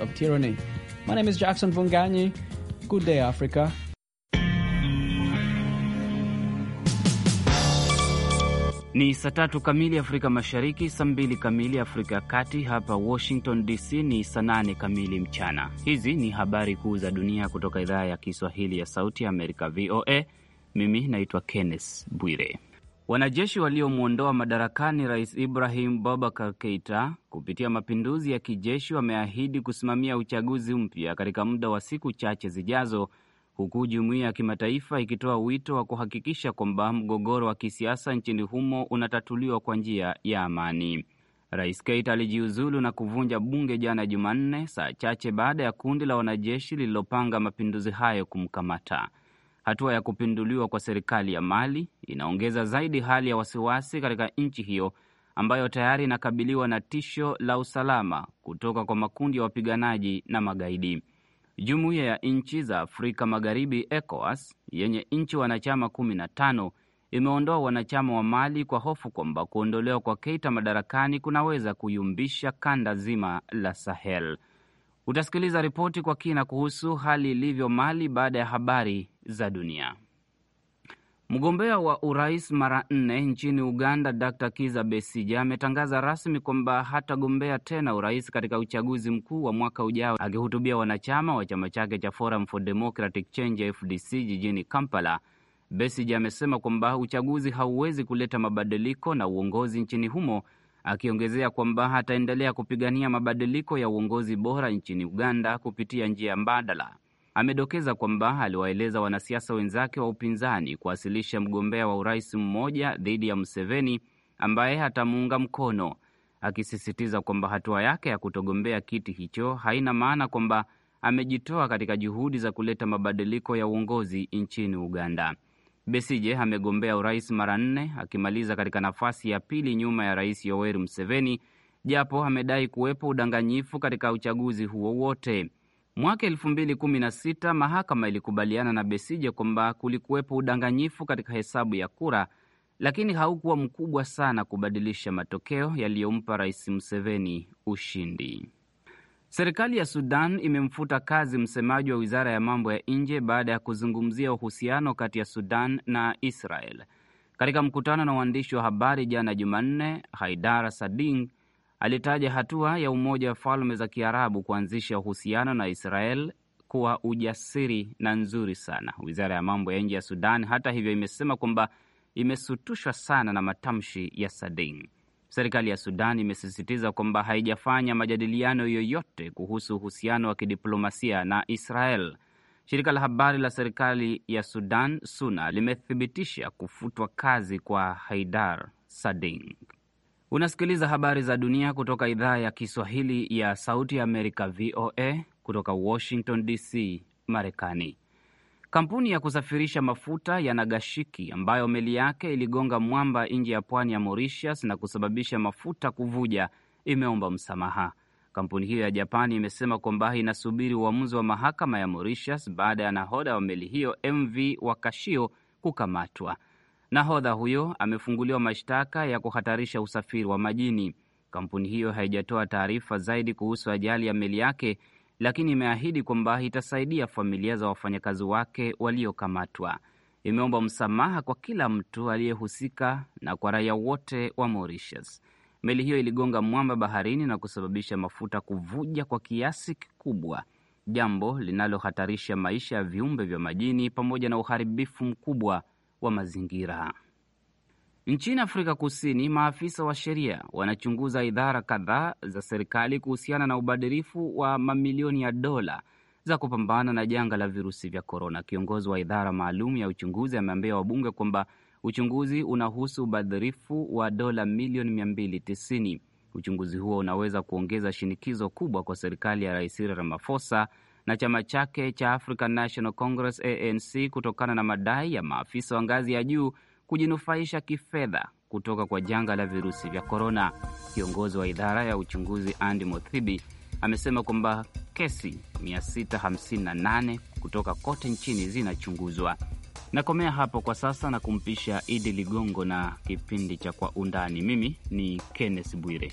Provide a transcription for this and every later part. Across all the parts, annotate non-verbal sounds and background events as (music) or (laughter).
of tyranny. My name is Jackson Vunganyi. Good day, Africa. Ni saa tatu kamili Afrika Mashariki, saa mbili kamili Afrika ya Kati. Hapa Washington DC ni saa nane kamili mchana. Hizi ni habari kuu za dunia kutoka idhaa ya Kiswahili ya Sauti ya Amerika, VOA. Mimi naitwa Kenneth Bwire. Wanajeshi waliomwondoa madarakani Rais Ibrahim bobakar Keita kupitia mapinduzi ya kijeshi wameahidi kusimamia uchaguzi mpya katika muda wa siku chache zijazo, huku jumuiya ya kimataifa ikitoa wito wa kuhakikisha kwamba mgogoro wa kisiasa nchini humo unatatuliwa kwa njia ya amani. Rais Keita alijiuzulu na kuvunja bunge jana Jumanne, saa chache baada ya kundi la wanajeshi lililopanga mapinduzi hayo kumkamata. Hatua ya kupinduliwa kwa serikali ya Mali inaongeza zaidi hali ya wasiwasi katika nchi hiyo ambayo tayari inakabiliwa na tisho la usalama kutoka kwa makundi ya wapiganaji na magaidi. Jumuiya ya nchi za Afrika Magharibi, ECOWAS, yenye nchi wanachama 15 imeondoa wanachama wa Mali kwa hofu kwamba kuondolewa kwa Keita madarakani kunaweza kuyumbisha kanda zima la Sahel. Utasikiliza ripoti kwa kina kuhusu hali ilivyo Mali baada ya habari za dunia. Mgombea wa urais mara nne nchini Uganda, Dr Kiza Besija ametangaza rasmi kwamba hatagombea tena urais katika uchaguzi mkuu wa mwaka ujao. Akihutubia wanachama wa chama chake cha Forum for Democratic Change FDC jijini Kampala, Besija amesema kwamba uchaguzi hauwezi kuleta mabadiliko na uongozi nchini humo, akiongezea kwamba ataendelea kupigania mabadiliko ya uongozi bora nchini Uganda kupitia njia mbadala. Amedokeza kwamba aliwaeleza wanasiasa wenzake wa upinzani kuwasilisha mgombea wa urais mmoja dhidi ya Museveni ambaye atamuunga mkono, akisisitiza kwamba hatua yake ya kutogombea kiti hicho haina maana kwamba amejitoa katika juhudi za kuleta mabadiliko ya uongozi nchini Uganda. Besije amegombea urais mara nne akimaliza katika nafasi ya pili nyuma ya Rais Yoweri Museveni, japo amedai kuwepo udanganyifu katika uchaguzi huo wote. Mwaka elfu mbili kumi na sita mahakama ilikubaliana na Besije kwamba kulikuwepo udanganyifu katika hesabu ya kura, lakini haukuwa mkubwa sana kubadilisha matokeo yaliyompa Rais Museveni ushindi. Serikali ya Sudan imemfuta kazi msemaji wa wizara ya mambo ya nje baada ya kuzungumzia uhusiano kati ya Sudan na Israel. Katika mkutano na waandishi wa habari jana Jumanne, Haidara Sading alitaja hatua ya Umoja wa Falme za Kiarabu kuanzisha uhusiano na Israel kuwa ujasiri na nzuri sana. Wizara ya mambo ya nje ya Sudan hata hivyo imesema kwamba imesutushwa sana na matamshi ya Sadin. Serikali ya Sudan imesisitiza kwamba haijafanya majadiliano yoyote kuhusu uhusiano wa kidiplomasia na Israel. Shirika la habari la serikali ya Sudan, SUNA, limethibitisha kufutwa kazi kwa Haidar Sadin. Unasikiliza habari za dunia kutoka idhaa ya Kiswahili ya Sauti ya Amerika, VOA, kutoka Washington DC, Marekani. Kampuni ya kusafirisha mafuta ya Nagashiki ambayo meli yake iligonga mwamba nje ya pwani ya Mauritius na kusababisha mafuta kuvuja imeomba msamaha. Kampuni hiyo ya Japani imesema kwamba inasubiri uamuzi wa mahakama ya Mauritius baada ya nahoda wa meli hiyo MV Wakashio kukamatwa. Nahodha huyo amefunguliwa mashtaka ya kuhatarisha usafiri wa majini. Kampuni hiyo haijatoa taarifa zaidi kuhusu ajali ya meli yake, lakini imeahidi kwamba itasaidia familia za wafanyakazi wake waliokamatwa. Imeomba msamaha kwa kila mtu aliyehusika na kwa raia wote wa Mauritius. Meli hiyo iligonga mwamba baharini na kusababisha mafuta kuvuja kwa kiasi kikubwa, jambo linalohatarisha maisha ya viumbe vya majini pamoja na uharibifu mkubwa wa mazingira. Nchini Afrika Kusini, maafisa wa sheria wanachunguza idara kadhaa za serikali kuhusiana na ubadhirifu wa mamilioni ya dola za kupambana na janga la virusi vya korona. Kiongozi wa idara maalum ya uchunguzi ameambia wabunge kwamba uchunguzi unahusu ubadhirifu wa dola milioni 290. Uchunguzi huo unaweza kuongeza shinikizo kubwa kwa serikali ya Rais Cyril Ramaphosa na chama chake cha African National Congress ANC kutokana na madai ya maafisa wa ngazi ya juu kujinufaisha kifedha kutoka kwa janga la virusi vya korona. Kiongozi wa idara ya uchunguzi Andy Mothibi amesema kwamba kesi 658 kutoka kote nchini zinachunguzwa. Nakomea hapo kwa sasa na kumpisha Idi Ligongo na kipindi cha Kwa Undani. Mimi ni Kenneth Bwire.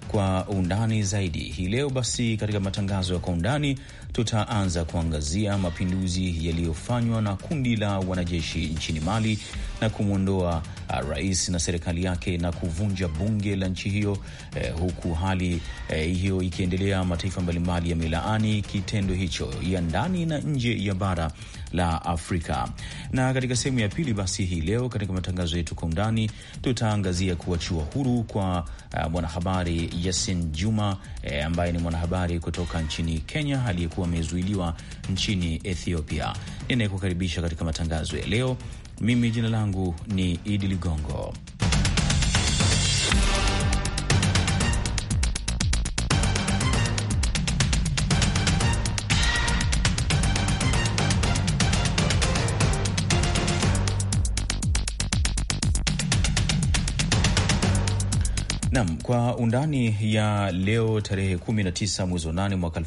kwa undani zaidi hii leo. Basi katika matangazo ya kwa undani, tutaanza kuangazia mapinduzi yaliyofanywa na kundi la wanajeshi nchini Mali na kumwondoa ah, rais na serikali yake na kuvunja bunge la nchi hiyo, eh, huku hali eh, hiyo ikiendelea, mataifa mbalimbali yamelaani kitendo hicho ya ndani na nje ya bara la Afrika. Na katika sehemu ya pili, basi hii leo katika matangazo yetu kwa undani, tutaangazia kuachiwa huru kwa uh, mwanahabari Yasin Juma e, ambaye ni mwanahabari kutoka nchini Kenya aliyekuwa amezuiliwa nchini Ethiopia. Ninayekukaribisha katika matangazo ya leo, mimi jina langu ni Idi Ligongo. Kwa undani ya leo tarehe 19 mwezi wa 8 mwaka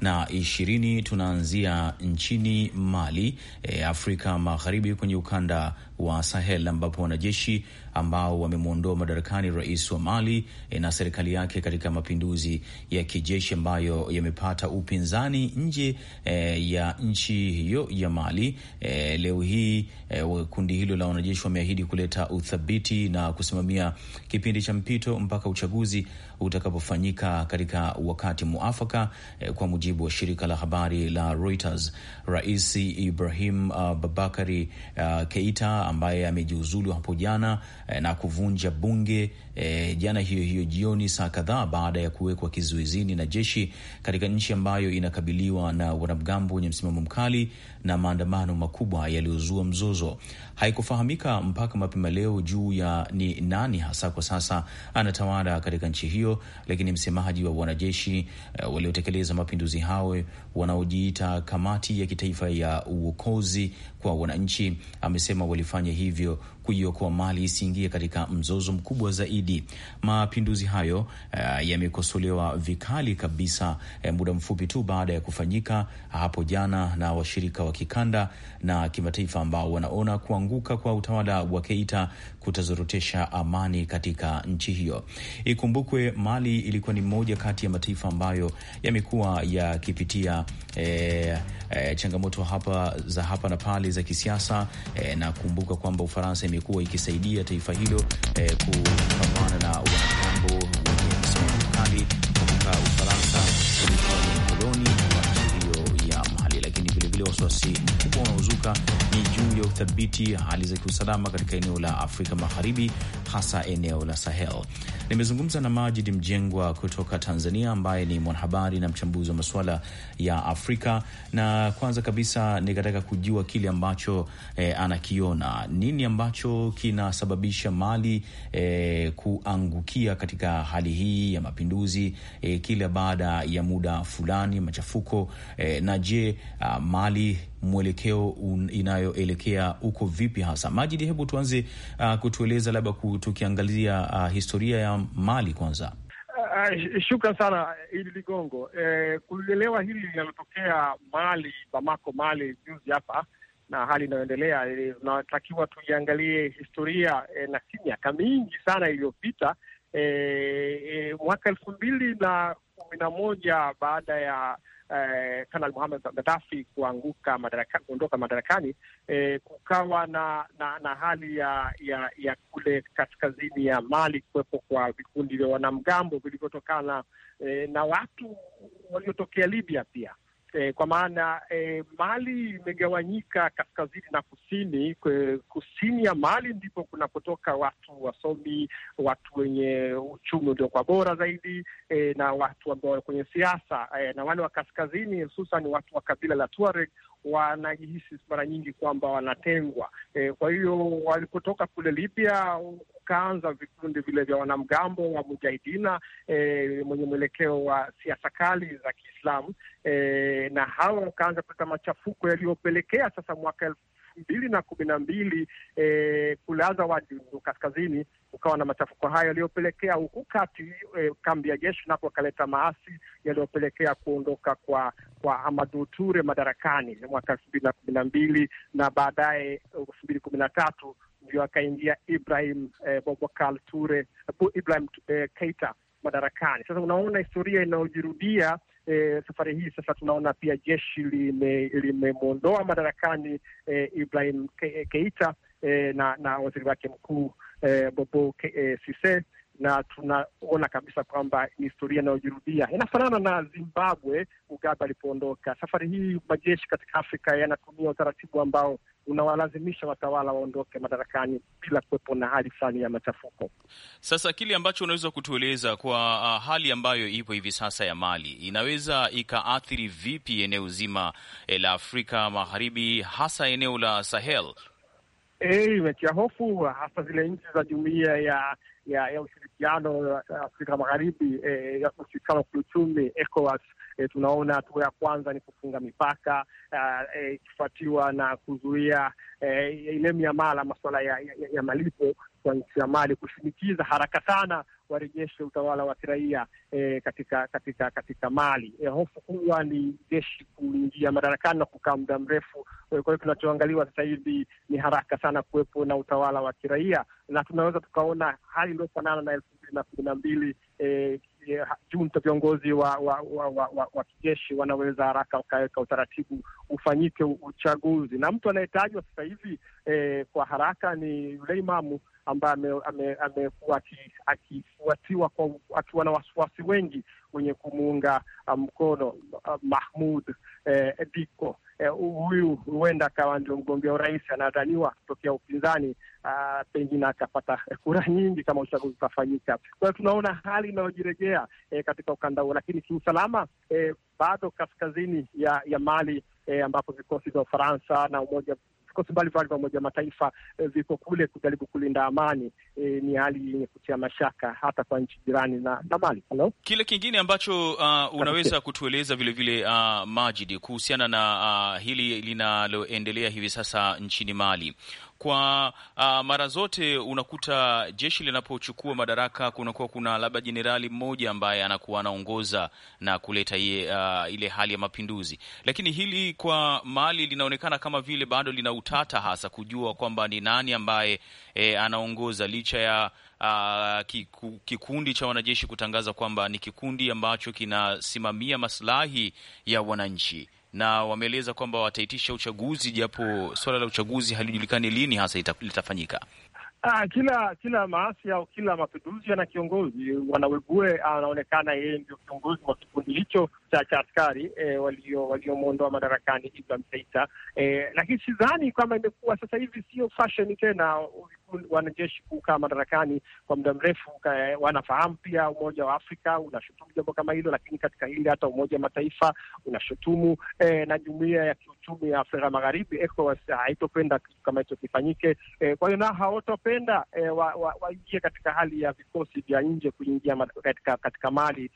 2020, tunaanzia nchini Mali, e, Afrika Magharibi, kwenye ukanda wa Sahel ambapo wanajeshi ambao wamemwondoa madarakani rais wa Mali eh, na serikali yake katika mapinduzi ya kijeshi ambayo yamepata upinzani nje e, ya nchi hiyo ya Mali. E, leo hii e, kundi hilo la wanajeshi wameahidi kuleta uthabiti na kusimamia kipindi cha mpito mpaka uchaguzi utakapofanyika katika wakati muafaka. E, kwa mujibu wa shirika la habari la Reuters, Rais Ibrahim uh, ah, Babakari uh, ah, Keita ambaye amejiuzulu hapo jana Eh, na kuvunja bunge e, jana hiyo hiyo jioni, saa kadhaa baada ya kuwekwa kizuizini na jeshi katika nchi ambayo inakabiliwa na wanamgambo wenye msimamo mkali na maandamano makubwa yaliyozua mzozo. Haikufahamika mpaka mapema leo juu ya ni nani hasa kwa sasa anatawala katika nchi hiyo, lakini msemaji wa wanajeshi uh, waliotekeleza mapinduzi hao wanaojiita Kamati ya Kitaifa ya Uokozi kwa Wananchi amesema walifanya hivyo kuiokoa mali isiingie katika mzozo mkubwa zaidi. Mapinduzi hayo uh, yamekosolewa vikali kabisa uh, muda mfupi tu baada ya kufanyika hapo jana na washirika wa kikanda na kimataifa ambao wanaona kuanguka kwa utawala wa Keita kutazorotesha amani katika nchi hiyo. Ikumbukwe Mali ilikuwa ni moja kati ya mataifa ambayo yamekuwa yakipitia e, e, changamoto hapa za hapa na pale za kisiasa e, na kumbuka kwamba Ufaransa imekuwa ikisaidia taifa hilo e, kupambana na wanamgambo wenye msimamo mkali kutoka Ufaransa wasiwasi mkubwa unaozuka ni juu ya uthabiti hali za kiusalama katika eneo la Afrika Magharibi hasa eneo la Sahel. Nimezungumza na Majid Mjengwa kutoka Tanzania, ambaye ni mwanahabari na mchambuzi wa masuala ya Afrika, na kwanza kabisa nikataka kujua kile ambacho eh, anakiona nini ambacho kinasababisha Mali eh, kuangukia katika hali hii ya mapinduzi eh, kila baada ya muda fulani machafuko eh, na je, uh, Mali mwelekeo inayoelekea uko vipi hasa. majidi hebu tuanze uh, kutueleza labda tukiangalia uh, historia ya Mali kwanza. Uh, uh shukran sana Idi Ligongo. Eh, kulielewa hili linalotokea Mali, Bamako Mali juzi hapa na hali inayoendelea, eh, unatakiwa tuiangalie historia eh, na si miaka mingi sana iliyopita eh, eh, mwaka elfu mbili na kumi na moja baada ya kanal eh, Kanali Muhammad Gaddafi kuanguka kuondoka madarakani eh, kukawa na, na na hali ya ya ya kule kaskazini ya Mali kuwepo kwa vikundi vya wanamgambo vilivyotokana eh, na watu waliotokea Libya pia E, kwa maana e, Mali imegawanyika kaskazini na kusini. Kwe, kusini ya Mali ndipo kunapotoka watu wasomi, watu wenye uchumi uliokuwa bora zaidi e, na watu ambao kwenye siasa e, na wale wa kaskazini hususan watu wa kabila la Tuareg wanajihisi mara nyingi kwamba wanatengwa. E, kwa hiyo walipotoka kule Libya kaanza vikundi vile vya wanamgambo wa mujahidina e, mwenye mwelekeo wa siasa kali za Kiislamu e, na hawa wakaanza kuleta machafuko yaliyopelekea sasa mwaka elfu mbili na kumi na mbili e, kule Azawadi kaskazini kukawa na machafuko hayo yaliyopelekea huku kati e, kambi ya jeshi nako akaleta maasi yaliyopelekea kuondoka kwa kwa Amadu Ture madarakani mwaka elfu mbili na kumi na mbili na baadaye eh, elfu mbili kumi na tatu ndio akaingia Ibrahim e, Bobokal Ture Ibrahim e, Keita madarakani. Sasa unaona historia inayojirudia. E, safari hii sasa tunaona pia jeshi limemwondoa lime madarakani e, Ibrahim Keita eh, na na waziri wake mkuu eh, Bobo eh, Cisse na tunaona kabisa kwamba ni historia inayojirudia inafanana na Zimbabwe, Mugabe alipoondoka. Safari hii majeshi katika Afrika yanatumia utaratibu ambao unawalazimisha watawala waondoke madarakani bila kuwepo na hali fulani ya machafuko. Sasa kile ambacho unaweza kutueleza kwa uh, hali ambayo ipo hivi sasa ya Mali inaweza ikaathiri vipi eneo zima eh, la Afrika Magharibi, hasa eneo la Sahel eh, imetia hofu hasa zile nchi za jumuiya ya ya, ya ushirikiano Afrika Magharibi e, ya ushirikiano kiuchumi ECOWAS. E, tunaona hatua ya kwanza ni kufunga mipaka ikifuatiwa eh, na kuzuia e, ile miamala, masuala ya, ya, ya malipo kwa nchi ya Mali, kushinikiza haraka sana warejeshe utawala wa kiraia e, katika katika katika Mali. E, hofu kubwa ni jeshi kuingia madarakani na kukaa muda mrefu. Eh, kwa hiyo kinachoangaliwa sasa hivi ni haraka sana kuwepo na utawala wa kiraia, na tunaweza tukaona hali iliyofanana na elfu mbili na kumi na mbili e, Eh, junta, viongozi wa wa, wa, wa, wa, wa kijeshi wanaweza haraka wakaweka utaratibu ufanyike uchaguzi, na mtu anayetajwa sasa hivi eh, kwa haraka ni yule imamu ambaye amekuwa akifuatiwa kwa akiwa na wasiwasi wengi wenye kumuunga ah, mkono ah, Mahmud eh, Diko Eh, huyu eh, huenda akawa ndio mgombea urais anadhaniwa kutokea upinzani, uh, pengine akapata eh, kura nyingi kama uchaguzi utafanyika. Kwa hiyo tunaona hali inayojiregea eh, katika ukanda huo, lakini kiusalama eh, bado kaskazini ya, ya Mali eh, ambapo vikosi vya Ufaransa na Umoja vikosi mbalimbali vya Umoja Mataifa e, eh, viko kule kujaribu kulinda amani. E, ni hali yenye kutia mashaka hata kwa nchi jirani na, na Mali Hello? Kile kingine ambacho uh, unaweza kutueleza vilevile uh, Majidi kuhusiana na uh, hili linaloendelea hivi sasa nchini Mali kwa uh, mara zote unakuta jeshi linapochukua madaraka kunakuwa kuna labda jenerali mmoja ambaye anakuwa anaongoza na kuleta ye, uh, ile hali ya mapinduzi, lakini hili kwa Mali linaonekana kama vile bado lina utata, hasa kujua kwamba ni nani ambaye e, anaongoza licha ya Uh, kiku, kikundi cha wanajeshi kutangaza kwamba ni kikundi ambacho kinasimamia maslahi ya wananchi na wameeleza kwamba wataitisha uchaguzi, japo suala la uchaguzi halijulikani lini hasa litafanyika. Ah, kila kila maasi au kila mapinduzi yana kiongozi. Wanawegue anaonekana yeye ndio kiongozi wa kikundi hicho cha askari e, waliomwondoa walio madarakani Ibrahim Keita e, lakini sidhani kwamba imekuwa sasa hivi sio fashion tena wanajeshi kukaa madarakani kwa muda mrefu. Eh, wanafahamu pia Umoja wa Afrika unashutumu jambo kama hilo, lakini katika hili hata Umoja wa Mataifa unashutumu eh, na jumuia ya Kiuchumi ya Afrika Magharibi ECOWAS haitopenda kitu kama hicho kifanyike. Eh, kwa hiyo nao hawatopenda eh, waingie wa, katika hali ya vikosi vya nje kuingia katika, katika Mali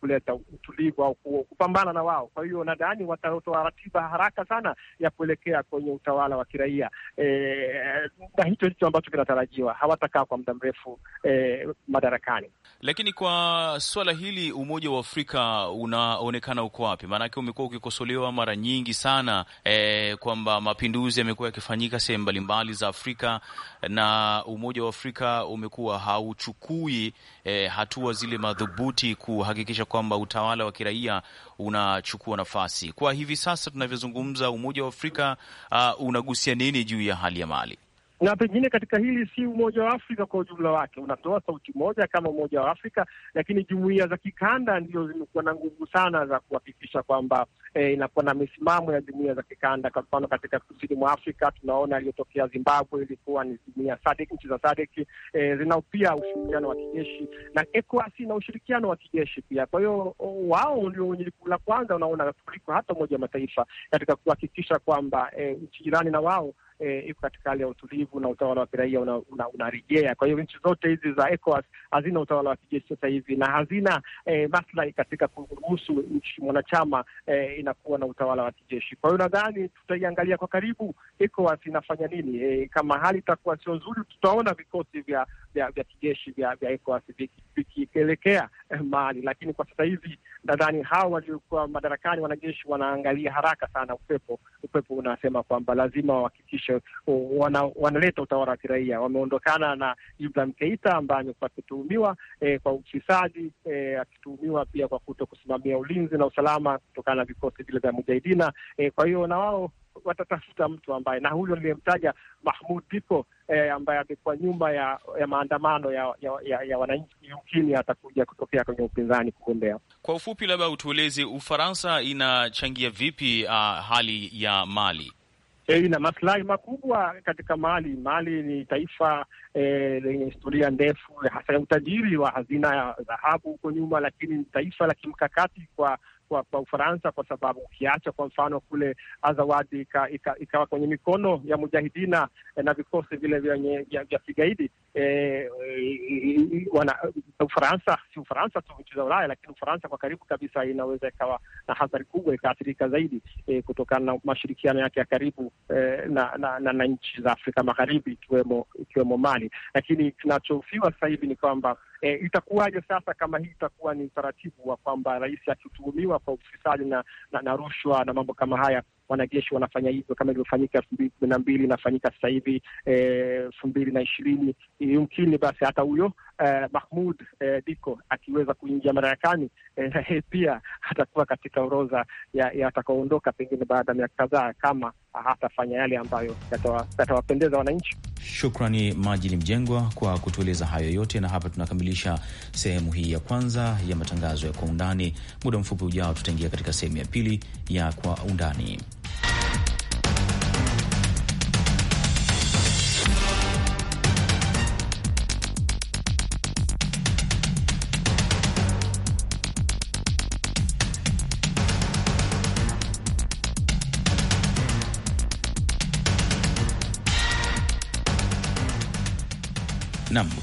kuleta utulivu au kupambana na wao. Kwa hiyo nadhani watatoa ratiba haraka sana ya kuelekea kwenye utawala wa kiraia eh, na hicho ndicho ambacho kinatarajiwa, hawatakaa kwa muda mrefu eh, madarakani. Lakini kwa swala hili Umoja wa Afrika unaonekana uko wapi? Maanake umekuwa ukikosolewa mara nyingi sana eh, kwamba mapinduzi yamekuwa yakifanyika sehemu mbalimbali za Afrika na Umoja wa Afrika umekuwa hauchukui eh, hatua zile madhubuti kuhakikisha kwamba utawala wa kiraia unachukua nafasi. Kwa hivi sasa tunavyozungumza, Umoja wa Afrika uh, unagusia nini juu ya hali ya Mali? na pengine katika hili si Umoja wa Afrika kwa ujumla wake unatoa sauti moja kama Umoja wa Afrika, lakini jumuiya za kikanda ndio zimekuwa na nguvu sana za kuhakikisha kwamba eh, inakuwa na misimamo ya jumuiya za kikanda. Kwa mfano katika kusini mwa Afrika tunaona aliyotokea Zimbabwe ilikuwa ni jumuiya SADC, nchi za SADC eh, zinao pia ushirikiano wa kijeshi na ECOWAS na ushirikiano wa kijeshi pia. Kwa hiyo wao ndio wenye jukumu la kwanza, unaona, kuliko hata Umoja wa Mataifa katika kuhakikisha kwamba eh, nchi jirani na wao eh, iko katika hali ya utulivu na utawala wa kiraia unarejea una, una. Kwa hiyo nchi zote hizi za ECOWAS hazina utawala wa kijeshi sasa hivi na hazina eh, maslahi katika kuruhusu nchi mwanachama eh, inakuwa na utawala wa kijeshi. Kwa hiyo nadhani tutaiangalia kwa karibu ECOWAS inafanya nini. Eh, kama hali itakuwa sio nzuri, tutaona vikosi vya vya, vya kijeshi vya, vya ECOWAS vikielekea eh, mahali, lakini kwa sasa hivi nadhani hawa waliokuwa madarakani wanajeshi wanaangalia haraka sana upepo. Upepo unasema kwamba lazima wahakikishe ambacho wana, wanaleta utawala wa kiraia. Wameondokana na Ibrahim Keita ambaye amekuwa akituhumiwa eh, kwa ufisadi eh, akituhumiwa pia kwa kuto kusimamia ulinzi na usalama kutokana na vikosi vile vya mujahidina eh, kwa hiyo na wao watatafuta mtu ambaye na huyo niliyemtaja Mahmud Dipo eh, ambaye amekuwa nyuma ya, ya maandamano ya, ya, ya, ya wananchi, yumkini atakuja kutokea kwenye upinzani kugombea. Kwa ufupi, labda utueleze Ufaransa inachangia vipi uh, hali ya Mali? Eh, ina maslahi makubwa katika Mali. Mali ni taifa Eh, lenye historia ndefu hasa ya utajiri wa hazina ya dhahabu huko nyuma, lakini ni taifa la kimkakati kwa kwa, kwa Ufaransa kwa sababu ukiacha kwa mfano kule Azawadi ikawa ika, ika kwenye mikono ya mujahidina eh, na vikosi vile vya kigaidi e, Ufaransa si Ufaransa tu nchi za Ulaya, lakini Ufaransa kwa karibu kabisa inaweza ikawa na hadhari kubwa ikaathirika zaidi kutokana na mashirikiano yake ya karibu na, na, na, na nchi za Afrika Magharibi ikiwemo ikiwemo Mali mbalimbali, lakini kinachofiwa sasa hivi ni kwamba E, itakuwaje sasa kama hii itakuwa ni utaratibu wa kwamba rais akituhumiwa kwa ufisadi na, na, na rushwa na mambo kama haya, wanajeshi wanafanya hivyo kama ilivyofanyika elfu mbili kumi na mbili inafanyika sasa hivi e, elfu mbili na ishirini Yumkini basi hata huyo eh, Mahmud eh, Diko akiweza kuingia madarakani eh, (laughs) pia atakuwa katika orodha ya atakaoondoka pengine baada ya miaka kadhaa, kama hatafanya yale ambayo yatawapendeza wananchi. Shukrani Majini Mjengwa kwa kutueleza hayo yote, na hapa tunakamilisha sehemu hii ya kwanza ya matangazo ya Kwa Undani. Muda mfupi ujao, tutaingia katika sehemu ya pili ya Kwa Undani.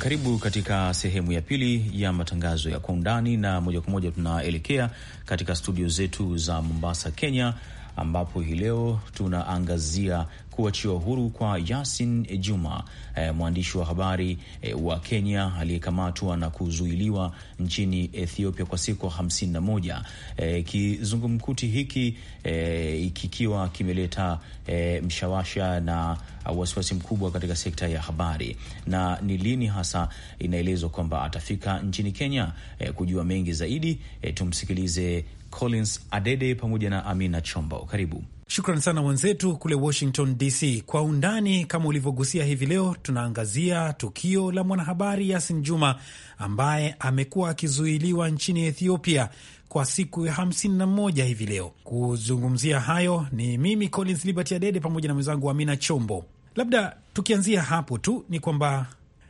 Karibu katika sehemu ya pili ya matangazo ya kwa undani, na moja kwa moja tunaelekea katika studio zetu za Mombasa, Kenya, ambapo hii leo tunaangazia kuachiwa huru kwa Yasin Juma eh, mwandishi wa habari eh, wa Kenya aliyekamatwa na kuzuiliwa nchini Ethiopia kwa siku 51. Eh, kizungumkuti hiki eh, kikiwa kimeleta eh, mshawasha na wasiwasi mkubwa katika sekta ya habari. Na ni lini hasa inaelezwa kwamba atafika nchini Kenya? Eh, kujua mengi zaidi, eh, tumsikilize Collins Adede pamoja na Amina Chombo. Karibu. Shukran sana wenzetu kule Washington DC. Kwa undani, kama ulivyogusia hivi leo, tunaangazia tukio la mwanahabari Yasin Juma ambaye amekuwa akizuiliwa nchini Ethiopia kwa siku ya 51 hivi leo. Kuzungumzia hayo ni mimi Collins Liberty Adede pamoja na mwenzangu Amina Chombo. Labda tukianzia hapo tu ni kwamba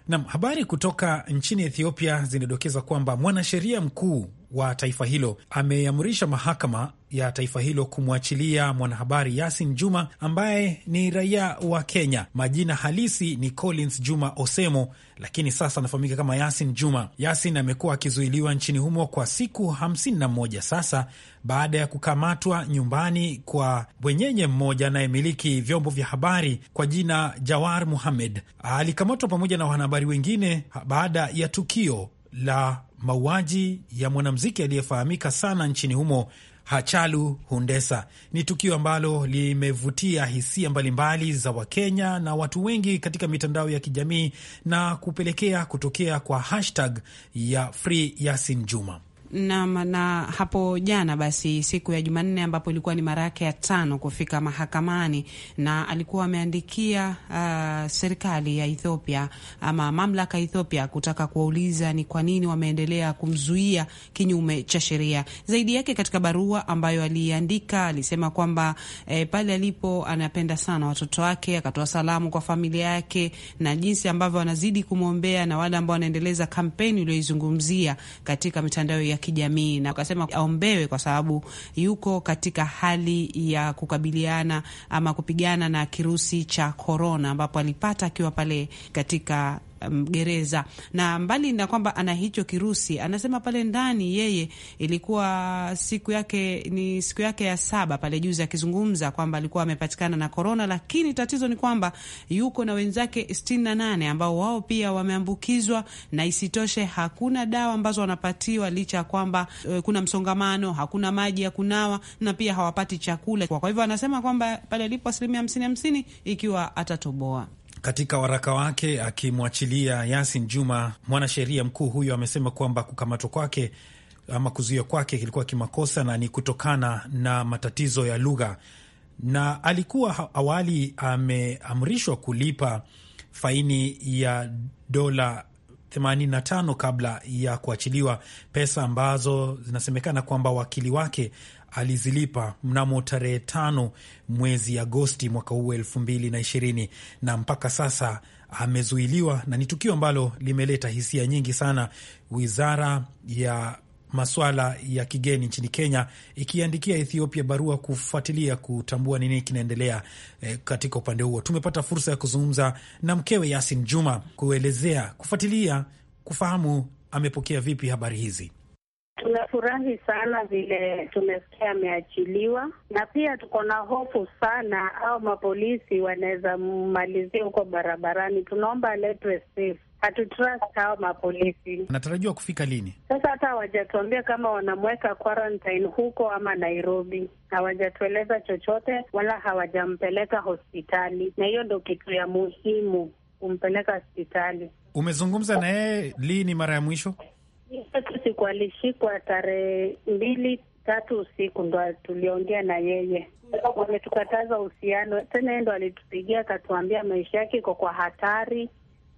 nam habari kutoka nchini Ethiopia zinadokeza kwamba mwanasheria mkuu wa taifa hilo ameamrisha mahakama ya taifa hilo kumwachilia mwanahabari Yasin Juma ambaye ni raia wa Kenya. Majina halisi ni Collins Juma Osemo, lakini sasa anafahamika kama Yasin Juma. Yasin amekuwa akizuiliwa nchini humo kwa siku 51 sasa baada ya kukamatwa nyumbani kwa bwenyenye mmoja anayemiliki vyombo vya habari kwa jina Jawar Muhamed. Alikamatwa pamoja na wanahabari wengine baada ya tukio la mauaji ya mwanamuziki aliyefahamika sana nchini humo Hachalu hundesa ni tukio ambalo limevutia hisia mbalimbali mbali za Wakenya na watu wengi katika mitandao ya kijamii na kupelekea kutokea kwa hashtag ya Free Yasin Juma. Naam, na hapo jana basi, siku ya Jumanne, ambapo ilikuwa ni mara yake ya tano kufika mahakamani, na alikuwa ameandikia uh, serikali ya Ethiopia ama mamlaka ya Ethiopia kutaka kuwauliza ni kwa nini wameendelea kumzuia kinyume cha sheria. Zaidi yake, katika barua ambayo aliandika, alisema kwamba eh, pale alipo anapenda sana watoto wake, akatoa salamu kwa familia yake na jinsi ambavyo wanazidi kumwombea na wale ambao wanaendeleza kampeni ulioizungumzia katika mitandao ya kijamii, na akasema aombewe kwa sababu yuko katika hali ya kukabiliana ama kupigana na kirusi cha korona, ambapo alipata akiwa pale katika Um, gereza. Na mbali na kwamba ana hicho kirusi, anasema pale ndani yeye ilikuwa siku yake ni siku yake ya saba pale juzi, akizungumza kwamba alikuwa amepatikana na korona, lakini tatizo ni kwamba yuko na wenzake sitini na nane ambao wao pia wameambukizwa, na isitoshe hakuna dawa ambazo wanapatiwa licha ya kwamba e, kuna msongamano, hakuna maji ya kunawa na pia hawapati chakula. Kwa hivyo anasema kwamba pale alipo asilimia hamsini hamsini ikiwa atatoboa katika waraka wake akimwachilia Yasin Juma, mwanasheria mkuu huyo amesema kwamba kukamatwa kwake ama kuzuia kwake kilikuwa kimakosa na ni kutokana na matatizo ya lugha, na alikuwa awali ameamrishwa kulipa faini ya dola 85 kabla ya kuachiliwa, pesa ambazo zinasemekana kwamba wakili wake alizilipa mnamo tarehe tano mwezi Agosti mwaka huu elfu mbili na ishirini na mpaka sasa amezuiliwa, na ni tukio ambalo limeleta hisia nyingi sana. Wizara ya maswala ya kigeni nchini Kenya ikiandikia Ethiopia barua kufuatilia kutambua nini kinaendelea e, katika upande huo. Tumepata fursa ya kuzungumza na mkewe Yasin Juma kuelezea kufuatilia kufahamu amepokea vipi habari hizi. Tunafurahi sana vile tumesikia ameachiliwa, na pia tuko na hofu sana au mapolisi wanaweza mmalizia huko barabarani. Tunaomba aletwe safe. Hatutrust hao mapolisi. Anatarajiwa kufika lini? Sasa hata hawajatuambia kama wanamweka quarantine huko ama Nairobi. Hawajatueleza chochote wala hawajampeleka hospitali, na hiyo ndo kitu ya muhimu kumpeleka hospitali. Umezungumza na yeye lini mara ya mwisho? yetu siku alishikwa tarehe mbili tatu usiku, ndo tuliongea na yeye, wametukataza uhusiano tena. Ndo alitupigia akatuambia maisha yake iko kwa hatari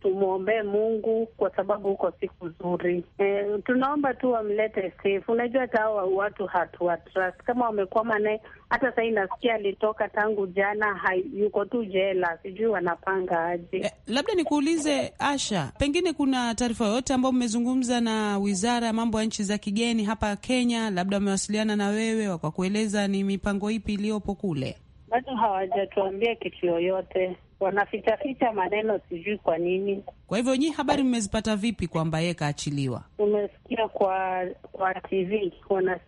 tumwombee Mungu kwa sababu huko siku nzuri. E, tunaomba tu wamlete safe. Unajua hata hawa watu hatuwa trust kama wamekwama naye. Hata sahii nasikia alitoka tangu jana hai, yuko tu jela, sijui wanapanga aje. E, labda nikuulize Asha, pengine kuna taarifa yoyote ambayo mmezungumza na wizara ya mambo ya nchi za kigeni hapa Kenya, labda wamewasiliana na wewe wakakueleza ni mipango ipi iliyopo kule? bado hawajatuambia kitu yoyote, wanafichaficha maneno, sijui kwa nini. Kwa hivyo nyi habari mmezipata vipi kwamba yeye kaachiliwa? Tumesikia kwa kwa TV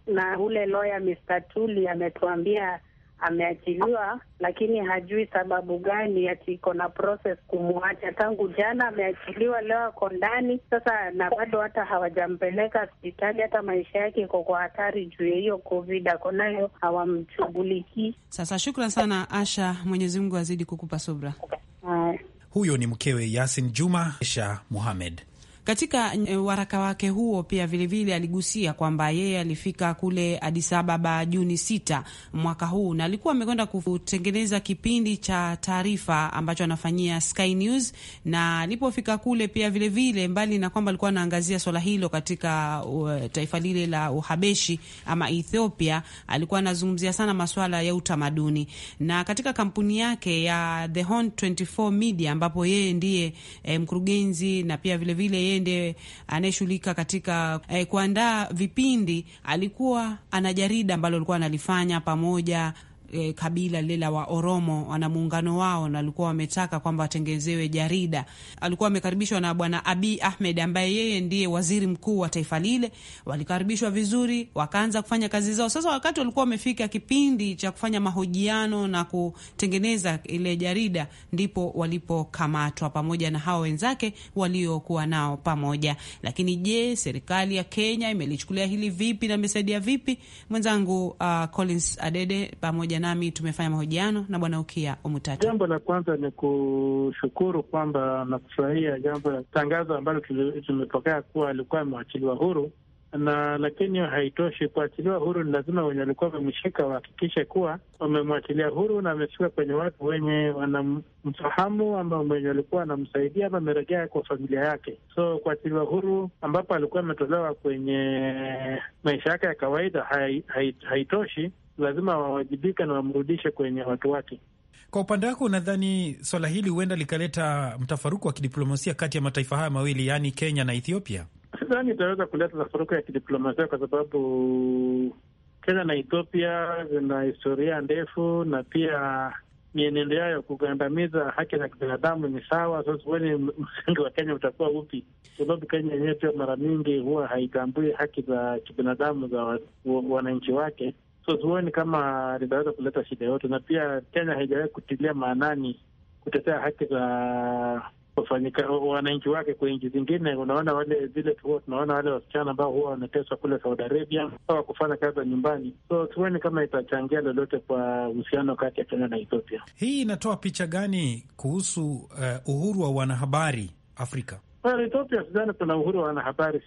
na ule lawyer Mr. Tuli ametuambia ameachiliwa, lakini hajui sababu gani, ati iko na process kumwacha. Tangu jana ameachiliwa, leo ako ndani sasa, na bado hata hawajampeleka hospitali. Hata maisha yake iko kwa hatari juu ya hiyo covid ako nayo, hawamshughulikii. Sasa shukran sana Asha, Mwenyezi Mungu azidi kukupa subra. Huyo ni mkewe Yasin Juma Asha Muhamed. Katika eh, waraka wake huo pia vilevile vile aligusia kwamba yeye alifika kule Addis Ababa Juni sita mwaka huu na alikuwa amekwenda kutengeneza kipindi cha taarifa ambacho anafanyia Sky News, na alipofika kule pia vilevile vile, mbali na kwamba alikuwa anaangazia swala hilo katika uh, taifa lile la Uhabeshi ama Ethiopia, alikuwa anazungumzia sana maswala ya utamaduni na katika kampuni yake ya The Horn 24 Media ambapo yeye ndiye eh, mkurugenzi na pia vilevile vile yeye ndiye anayeshughulika katika eh, kuandaa vipindi. Alikuwa ana jarida ambalo alikuwa analifanya pamoja e, kabila lile la Waoromo wana muungano wao, na alikuwa wametaka kwamba watengezewe jarida. Alikuwa amekaribishwa na bwana Abi Ahmed ambaye yeye ndiye waziri mkuu wa taifa lile. Walikaribishwa vizuri, wakaanza kufanya kazi zao. Sasa wakati walikuwa wamefika kipindi cha kufanya mahojiano na kutengeneza ile jarida, ndipo walipokamatwa pamoja na hao wenzake waliokuwa nao pamoja. Lakini je, serikali ya Kenya imelichukulia hili vipi na imesaidia vipi? Mwenzangu uh, Collins Adede pamoja nami tumefanya mahojiano na Bwana Ukia Omutata. Jambo la kwanza ni kushukuru kwamba na kufurahia jambo la tangazo ambalo tumepokea kuwa alikuwa amewachiliwa huru, na lakini haitoshi kuachiliwa huru, ni lazima wenye walikuwa wamemshika wahakikishe kuwa wamemwachilia huru na amefika kwenye watu wenye wanamfahamu ama wenye walikuwa wanamsaidia ama amerejea kwa familia yake. So kuachiliwa huru ambapo alikuwa ametolewa kwenye maisha yake ya kawaida haitoshi hai, lazima wawajibika na wamrudishe kwenye watu wake. Kwa upande wako, unadhani swala hili huenda likaleta mtafaruku wa kidiplomasia kati ya mataifa haya mawili, yaani Kenya na Ethiopia? Sidhani itaweza kuleta tafaruku ya kidiplomasia kwa sababu Kenya na Ethiopia zina historia ndefu na pia mienendo yao ya kugandamiza haki za kibinadamu ni sawa. Sasa weni msingi wa Kenya utakuwa upi? Sababu Kenya yenyewe pia mara mingi huwa haitambui haki za kibinadamu za wananchi wake. So tuoni kama linaweza kuleta shida yote, na pia Kenya haijawahi kutilia maanani kutetea haki za wafanyika wananchi wake. Kwa nchi zingine, unaona wale vile tu tunaona wale wasichana ambao huwa wanateswa kule Saudi Arabia au wakufanya kazi za nyumbani. So sioni kama itachangia lolote kwa uhusiano kati ya Kenya na Ethiopia. Hii inatoa picha gani kuhusu uh, uhuru wa wanahabari Afrika? Ethiopia sidhani kuna uhuru wa wanahabari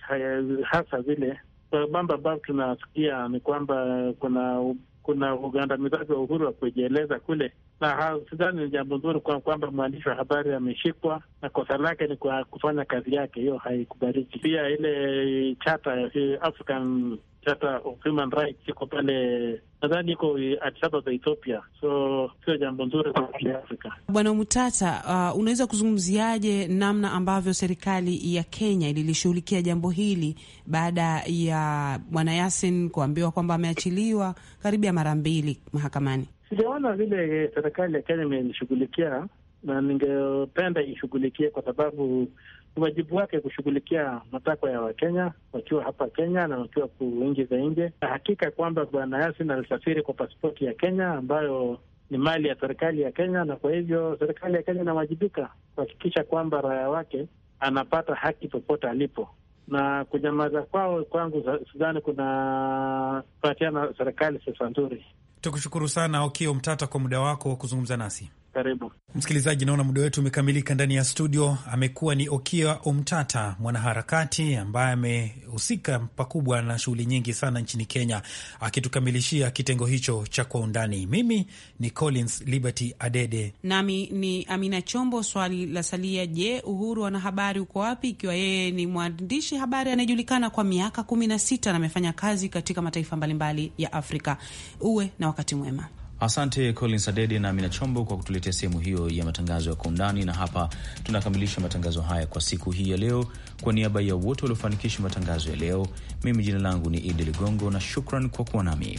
hasa vile, Eh, mambo ambayo tunasikia ni kwamba kuna kuna ugandamizaji wa uhuru wa kujieleza kule na sidhani ni jambo zuri kwa kwamba mwandishi wa habari ameshikwa na kosa lake ni kwa kufanya kazi yake, hiyo haikubariki Pia ile chata eh, African Charter of Human Rights iko pale, nadhani iko eh, Addis Ababa Ethiopia, so sio jambo nzuri kwa Afrika. Bwana Mutata, uh, unaweza kuzungumziaje namna ambavyo serikali ya Kenya ililishughulikia jambo hili baada ya bwana Yasin kuambiwa kwamba ameachiliwa karibu ya mara mbili mahakamani? sijaona vile serikali ya Kenya imenishughulikia na ningependa ishughulikie, kwa sababu wajibu wake kushughulikia matakwa ya Wakenya wakiwa hapa Kenya na wakiwa kuingi za nje, na hakika kwamba Bwana Yasin alisafiri kwa pasipoti ya Kenya ambayo ni mali ya serikali ya Kenya, na kwa hivyo serikali ya Kenya inawajibika kuhakikisha kwamba raia wake anapata haki popote alipo na kunyamaza kwao kwangu sidhani kuna patiana serikali sasa nzuri. Tukushukuru sana Okio Mtata kwa muda wako wa kuzungumza nasi. Karibu msikilizaji, naona muda wetu umekamilika. Ndani ya studio amekuwa ni okia Omtata, mwanaharakati ambaye amehusika pakubwa na shughuli nyingi sana nchini Kenya, akitukamilishia kitengo hicho cha Kwa Undani. Mimi ni Collins Liberty Adede nami ni Amina Chombo. Swali la salia, je, Uhuru wanahabari uko wapi? Ikiwa yeye ni mwandishi habari anayejulikana kwa miaka kumi na sita na amefanya kazi katika mataifa mbalimbali ya Afrika. Uwe na wakati mwema. Asante colin Sadede na Amina Chombo kwa kutuletea sehemu hiyo ya matangazo ya kwa undani, na hapa tunakamilisha matangazo haya kwa siku hii ya leo. Kwa niaba ya wote waliofanikisha matangazo ya leo, mimi jina langu ni Idi Ligongo na shukran kwa kuwa nami.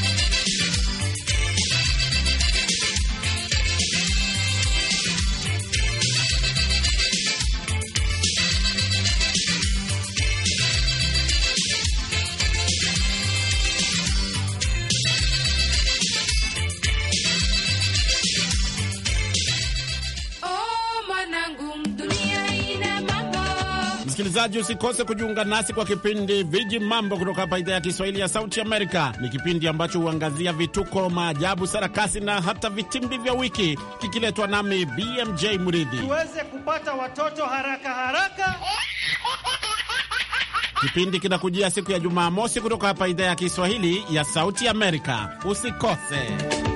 msikilizaji, usikose kujiunga nasi kwa kipindi Viji Mambo kutoka hapa idhaa ya Kiswahili ya Sauti Amerika. Ni kipindi ambacho huangazia vituko, maajabu, sarakasi na hata vitimbi vya wiki, kikiletwa nami BMJ Mridhi, tuweze kupata watoto haraka haraka. Kipindi kinakujia siku ya Jumamosi kutoka hapa idhaa ya Kiswahili ya Sauti Amerika. Usikose.